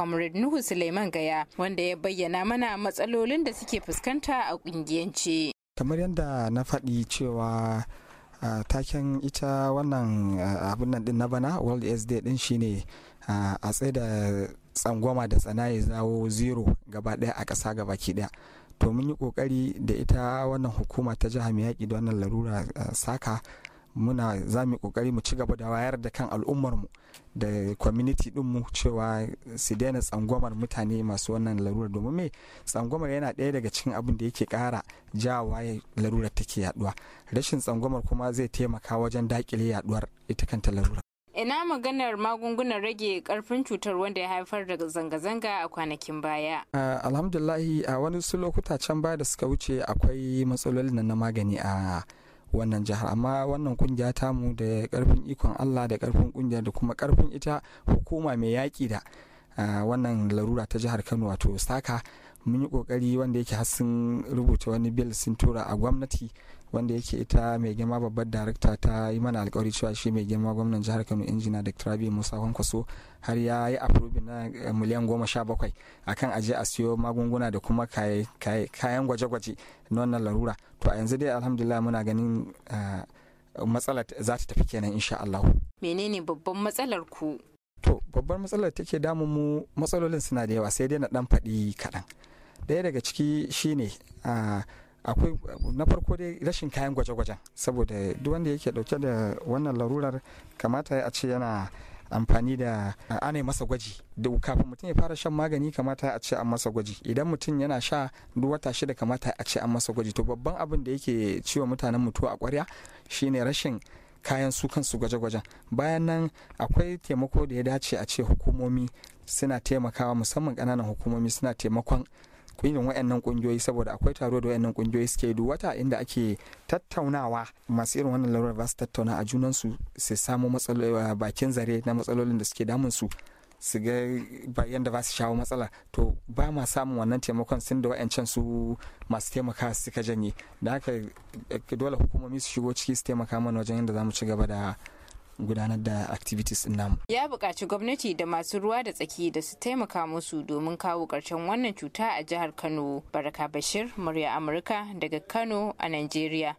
comrade nuhu suleiman gaya wanda ya bayyana mana matsalolin da suke fuskanta a kungiyance kamar yadda na faɗi cewa Uh, taken ita wannan abin nan din na bana world aids day din shine uh, a tsaye da tsangwama da tsana ya zawo zero gaba daya a ƙasa gaba ki daya to mun yi ƙoƙari da ita wannan hukuma ta jiha mai yaƙi da wannan larura saka muna za mu kokari mu ci gaba da wayar da kan al'ummarmu da community mu cewa su daina tsangwamar mutane masu wannan larurar domin me tsangwamar yana ɗaya daga cikin abin da yake ƙara jawa larurar take yaduwa rashin tsangwamar kuma zai taimaka wajen daƙile yaduwar ita kanta larurar ina maganar magungunan rage karfin cutar wanda ya haifar da zanga-zanga a kwanakin baya alhamdulahi a wani su lokuta can baya da suka wuce akwai matsalolin na magani a wannan jihar amma wannan kungiya tamu da karfin ikon allah da karfin kungiya da kuma karfin ita hukuma mai yaƙi da wannan larura ta jihar kano wato saka mun yi kokari wanda yake har sun rubuta wani bil sun tura a gwamnati wanda yake ita mai girma babbar darakta ta yi mana alkawari cewa shi mai girma gwamnan jihar kano injina da trabi musa kwankwaso har ya yi aprobin na eh, miliyan goma sha bakwai akan aje a siyo magunguna da kuma kayan gwaje-gwaje na wannan larura to a yanzu dai alhamdulillah muna ganin eh, matsalar za ta tafi kenan insha Allah. menene babban matsalar ku to babbar matsalar take damun mu matsalolin suna da yawa sai dai na dan faɗi kaɗan ɗaya daga ciki shine ah, akwai na farko dai rashin kayan gwaje-gwajen saboda duk wanda yake dauke da wannan larurar kamata a ce yana amfani da ana masa gwaji da kafin mutum ya fara shan magani kamata a ce an masa gwaji idan mutum yana sha duk wata shida kamata a ce an masa gwaji to babban abin da yake ciwo mutanen mutuwa a kwarya shine rashin kayan su kansu gwaje-gwajen bayan nan akwai taimako da ya dace a ce hukumomi suna taimakawa musamman ƙananan hukumomi suna taimakon irin wayannan kungiyoyi saboda akwai taro da wayannan kungiyoyi suke duk wata inda ake tattaunawa masu irin wannan larurar ba su tattauna a junan su su samu matsaloli eh, bakin zare na matsalolin da suke damun su su ga da ba su shawo matsala to ba ma samun wannan taimakon sun da wayancan su masu taimaka suka janye da haka eh, dole hukumomi su shigo ciki su taimaka mana wajen yadda za mu ci gaba da gudanar da activities din namu ya buƙaci gwamnati da masu ruwa da tsaki da su taimaka musu domin kawo ƙarshen wannan cuta a jihar Kano Baraka Bashir murya Amurka daga Kano a Najeriya